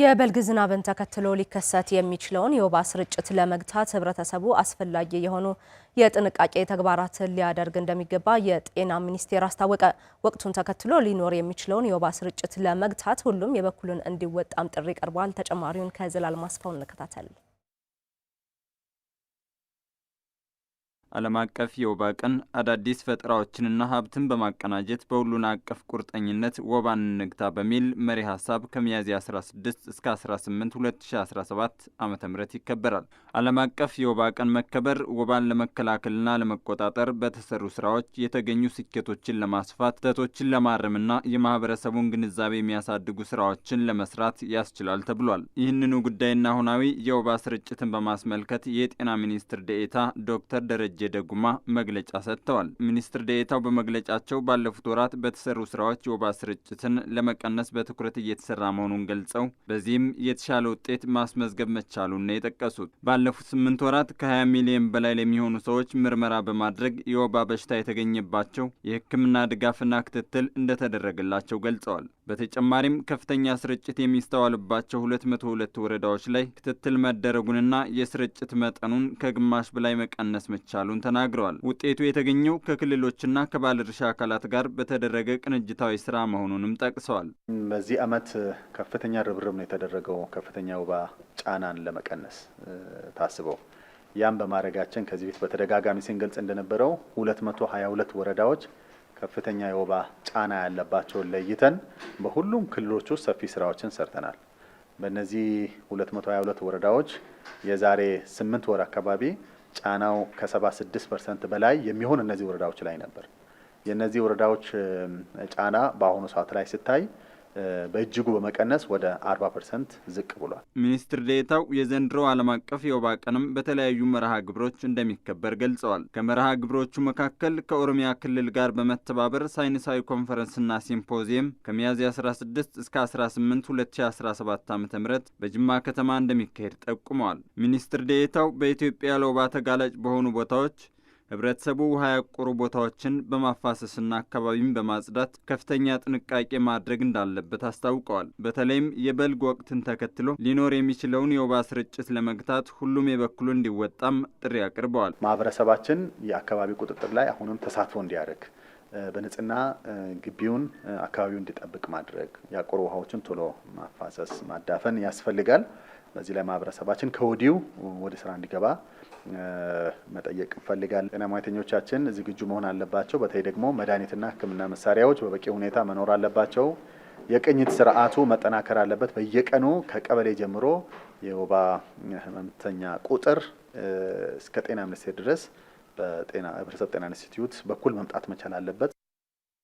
የበልግ ዝናብን ተከትሎ ሊከሰት የሚችለውን የወባ ስርጭት ለመግታት ህብረተሰቡ አስፈላጊ የሆኑ የጥንቃቄ ተግባራትን ሊያደርግ እንደሚገባ የጤና ሚኒስቴር አስታወቀ። ወቅቱን ተከትሎ ሊኖር የሚችለውን የወባ ስርጭት ለመግታት ሁሉም የበኩሉን እንዲወጣም ጥሪ ቀርቧል። ተጨማሪውን ከዘላል ማስፋውን እንከታተል። ዓለም አቀፍ የወባ ቀን አዳዲስ ፈጠራዎችንና ሀብትን በማቀናጀት በሁሉን አቀፍ ቁርጠኝነት ወባን እንግታ በሚል መሪ ሀሳብ ከሚያዝያ 16 እስከ 18 2017 ዓ ም ይከበራል። ዓለም አቀፍ የወባ ቀን መከበር ወባን ለመከላከልና ለመቆጣጠር በተሰሩ ስራዎች የተገኙ ስኬቶችን ለማስፋት ስህተቶችን ለማረምና የማህበረሰቡን ግንዛቤ የሚያሳድጉ ስራዎችን ለመስራት ያስችላል ተብሏል። ይህንኑ ጉዳይና አሁናዊ የወባ ስርጭትን በማስመልከት የጤና ሚኒስትር ደኤታ ዶክተር ደረጃ ደረጀ ደጉማ መግለጫ ሰጥተዋል። ሚኒስትር ዴኤታው በመግለጫቸው ባለፉት ወራት በተሰሩ ስራዎች የወባ ስርጭትን ለመቀነስ በትኩረት እየተሰራ መሆኑን ገልጸው በዚህም የተሻለ ውጤት ማስመዝገብ መቻሉን ነው የጠቀሱት። ባለፉት ስምንት ወራት ከ20 ሚሊዮን በላይ ለሚሆኑ ሰዎች ምርመራ በማድረግ የወባ በሽታ የተገኘባቸው የሕክምና ድጋፍና ክትትል እንደተደረገላቸው ገልጸዋል። በተጨማሪም ከፍተኛ ስርጭት የሚስተዋልባቸው 202 ወረዳዎች ላይ ክትትል መደረጉንና የስርጭት መጠኑን ከግማሽ በላይ መቀነስ መቻሉን ተናግረዋል። ውጤቱ የተገኘው ከክልሎችና ከባለድርሻ አካላት ጋር በተደረገ ቅንጅታዊ ስራ መሆኑንም ጠቅሰዋል። በዚህ ዓመት ከፍተኛ ርብርብ ነው የተደረገው ከፍተኛ ወባ ጫናን ለመቀነስ ታስበው ያም በማድረጋችን ከዚህ ቤት በተደጋጋሚ ስንገልጽ እንደነበረው 222 ወረዳዎች ከፍተኛ የወባ ጫና ያለባቸውን ለይተን በሁሉም ክልሎች ውስጥ ሰፊ ስራዎችን ሰርተናል። በእነዚህ 222 ወረዳዎች የዛሬ 8 ወር አካባቢ ጫናው ከ76 ፐርሰንት በላይ የሚሆን እነዚህ ወረዳዎች ላይ ነበር። የእነዚህ ወረዳዎች ጫና በአሁኑ ሰዓት ላይ ሲታይ በእጅጉ በመቀነስ ወደ 40 ፐርሰንት ዝቅ ብሏል። ሚኒስትር ዴታው የዘንድሮ ዓለም አቀፍ የወባ ቀንም በተለያዩ መርሃ ግብሮች እንደሚከበር ገልጸዋል። ከመርሃ ግብሮቹ መካከል ከኦሮሚያ ክልል ጋር በመተባበር ሳይንሳዊ ኮንፈረንስና ሲምፖዚየም ከሚያዝያ 16 እስከ 18 2017 ዓ ም በጅማ ከተማ እንደሚካሄድ ጠቁመዋል። ሚኒስትር ዴታው በኢትዮጵያ ለወባ ተጋላጭ በሆኑ ቦታዎች ህብረተሰቡ ውሃ ያቆሩ ቦታዎችን በማፋሰስና አካባቢን በማጽዳት ከፍተኛ ጥንቃቄ ማድረግ እንዳለበት አስታውቀዋል። በተለይም የበልግ ወቅትን ተከትሎ ሊኖር የሚችለውን የወባ ስርጭት ለመግታት ሁሉም የበኩሉ እንዲወጣም ጥሪ አቅርበዋል። ማህበረሰባችን የአካባቢ ቁጥጥር ላይ አሁንም ተሳትፎ እንዲያደርግ በንጽህና ግቢውን አካባቢውን እንዲጠብቅ ማድረግ ያቆሩ ውሃዎችን ቶሎ ማፋሰስ ማዳፈን ያስፈልጋል። በዚህ ላይ ማህበረሰባችን ከወዲሁ ወደ ስራ እንዲገባ መጠየቅ እንፈልጋል። ጤና ሙያተኞቻችን ዝግጁ መሆን አለባቸው። በተለይ ደግሞ መድኃኒትና ሕክምና መሳሪያዎች በበቂ ሁኔታ መኖር አለባቸው። የቅኝት ስርዓቱ መጠናከር አለበት። በየቀኑ ከቀበሌ ጀምሮ የወባ ህመምተኛ ቁጥር እስከ ጤና ሚኒስቴር ድረስ በጤና ህብረተሰብ ጤና ኢንስቲትዩት በኩል መምጣት መቻል አለበት።